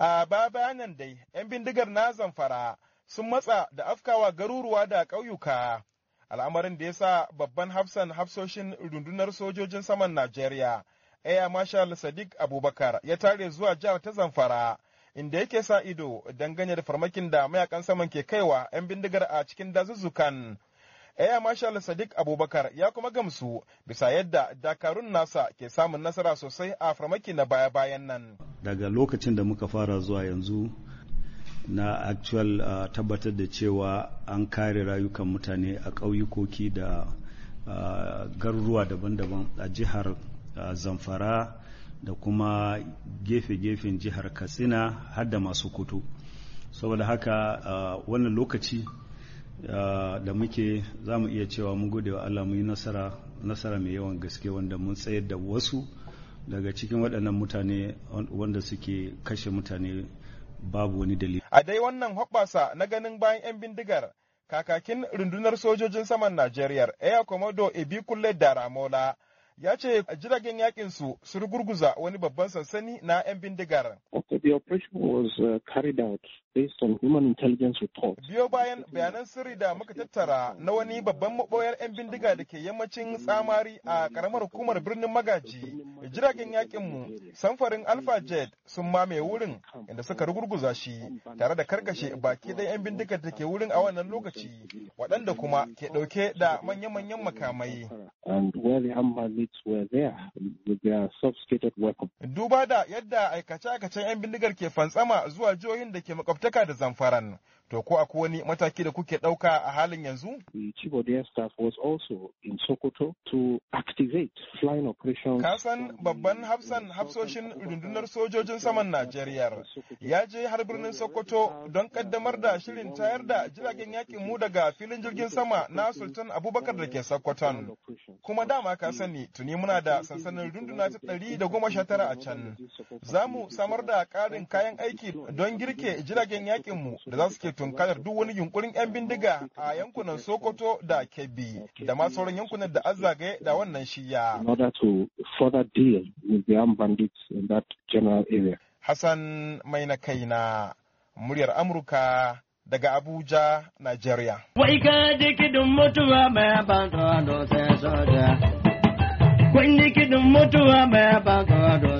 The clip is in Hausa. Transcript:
A babanan nan dai, 'yan bindigar na zamfara sun matsa da afkawa garuruwa da ƙauyuka. Al'amarin da ya sa babban hafsan hafsoshin rundunar sojojin saman Najeriya, Air Marshal Sadiq Abubakar ya tare zuwa jihar ta zamfara, inda yake sa ido dangane da farmakin da mayakan saman ke kaiwa 'yan bindigar a cikin dazuzzukan. Air eh, Marshal Sadiq Abubakar ya kuma gamsu bisa yadda dakarun nasa ke samun nasara sosai a farmaki na baya-bayan nan. Daga lokacin da muka fara zuwa yanzu na actual uh, tabbatar da cewa an kare rayukan mutane a ƙauyukoki da uh, garuruwa daban-daban a jihar uh, Zamfara da kuma gefe-gefen jihar Katsina har da masu kutu. Saboda haka uh, wannan lokaci Eh, da muke za mu iya cewa mu gode wa Allah mu yi nasara nasara mai yawan gaske wanda mun tsayar da wasu daga cikin waɗannan mutane wanda suke kashe mutane babu wani dalili. A dai wannan hoɓɓasa na ganin bayan 'yan bindigar kakakin rundunar sojojin saman Najeriya Air Commodore Ebi Kulle Daramola ya ce jiragen yakin su sun gurguza wani babban sansani na 'yan bindigar. Uh, Biyo bayan bayanan sirri da muka tattara na wani babban maboyar 'yan bindiga da ke yammacin tsamari a karamar hukumar birnin Magaji, jiragen yakin mu samfarin Alpha Jet sun mame wurin inda suka rugurguza shi tare da karkashe baki da 'yan bindigar da ke wurin a wannan lokaci waɗanda kuma ke ɗauke da manya-manyan makamai. Duba da yadda aikace-aikacen 'yan bindigar ke fantsama zuwa jihohin da ke makwabtaka da zamfaran. To ko akwai wani mataki da kuke ɗauka a halin yanzu? The chief of the staff was also in Sokoto to activate flying operations. Kasan babban hafsan hafsoshin rundunar sojojin saman Najeriya ya je har birnin Sokoto don kaddamar da shirin tayar da jiragen yakin mu daga filin jirgin sama na Sultan Abubakar da ke Sokoton. Kuma dama ka sani Tuni muna da sansanin runduna ta ɗari da goma sha tara a can. Za mu samar da ƙarin kayan aiki don girke jiragen yakin mu da za su ke tunkarar duk wani yunkurin 'yan bindiga a yankunan Sokoto da Kebbi da ma sauran yankunan da azzagaye da wannan shiya. Hassan mai na kaina muryar Amurka daga Abuja, Nigeria. Wai ka When they get the motor, I'm about to